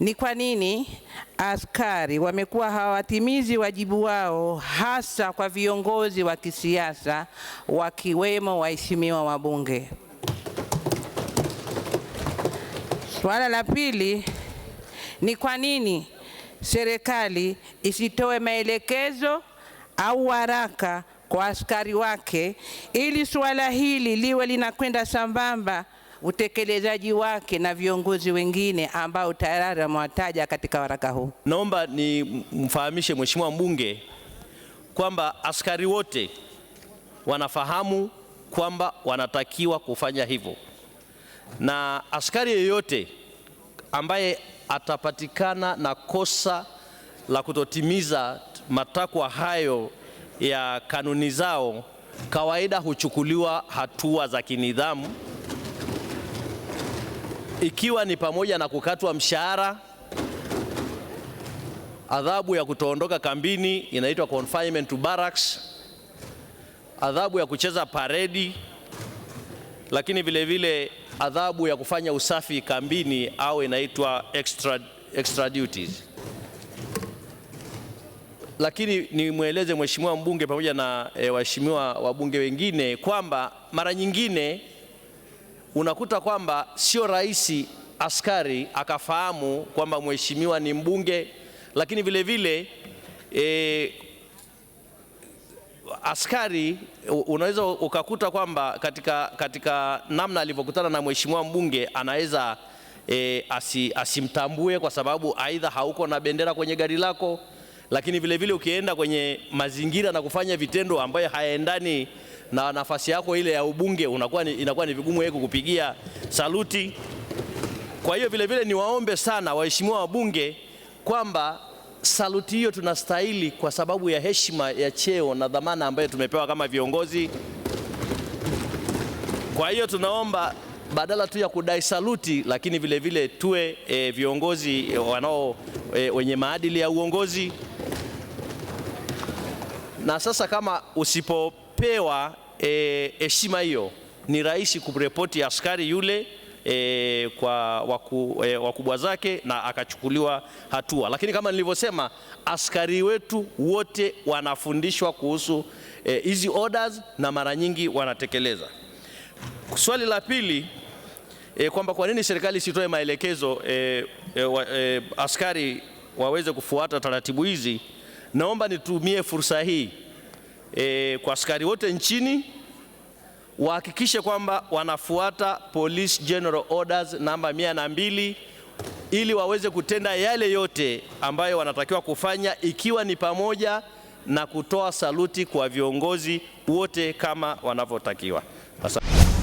ni kwa nini askari wamekuwa hawatimizi wajibu wao, hasa kwa viongozi wa kisiasa wakiwemo waheshimiwa wabunge. Swala la pili ni kwa nini serikali isitoe maelekezo au waraka kwa askari wake ili suala hili liwe linakwenda sambamba utekelezaji wake na viongozi wengine ambao tayari amewataja katika waraka huu. Naomba nimfahamishe Mheshimiwa mbunge kwamba askari wote wanafahamu kwamba wanatakiwa kufanya hivyo, na askari yeyote ambaye atapatikana na kosa la kutotimiza matakwa hayo ya kanuni zao, kawaida huchukuliwa hatua za kinidhamu ikiwa ni pamoja na kukatwa mshahara, adhabu ya kutoondoka kambini inaitwa confinement to barracks, adhabu ya kucheza paredi, lakini vile vile adhabu ya kufanya usafi kambini au inaitwa extra, extra duties. Lakini nimweleze mheshimiwa mbunge pamoja na e, waheshimiwa wabunge wengine kwamba mara nyingine unakuta kwamba sio rahisi askari akafahamu kwamba mheshimiwa ni mbunge, lakini vile vile e, askari unaweza ukakuta kwamba katika, katika namna alivyokutana na mheshimiwa mbunge anaweza e, asi, asimtambue kwa sababu aidha hauko na bendera kwenye gari lako, lakini vile vile ukienda kwenye mazingira na kufanya vitendo ambayo hayaendani na nafasi yako ile ya ubunge unakuwa, inakuwa ni vigumu yeye kukupigia saluti. Kwa hiyo vilevile niwaombe sana waheshimiwa wabunge kwamba saluti hiyo tunastahili kwa sababu ya heshima ya cheo na dhamana ambayo tumepewa kama viongozi. Kwa hiyo tunaomba badala tu ya kudai saluti, lakini vilevile vile tuwe e, viongozi e, wanao e, wenye maadili ya uongozi. Na sasa kama usipopewa E, heshima e, hiyo ni rahisi kuripoti askari yule e, kwa waku, e, wakubwa zake na akachukuliwa hatua. Lakini kama nilivyosema, askari wetu wote wanafundishwa kuhusu e, hizi e, orders na mara nyingi wanatekeleza. Swali la pili e, kwamba kwa nini serikali isitoe maelekezo e, e, wa, e, askari waweze kufuata taratibu hizi, naomba nitumie fursa hii e, kwa askari wote nchini wahakikishe kwamba wanafuata Police General Orders namba mbili ili waweze kutenda yale yote ambayo wanatakiwa kufanya ikiwa ni pamoja na kutoa saluti kwa viongozi wote kama wanavyotakiwa. Asante.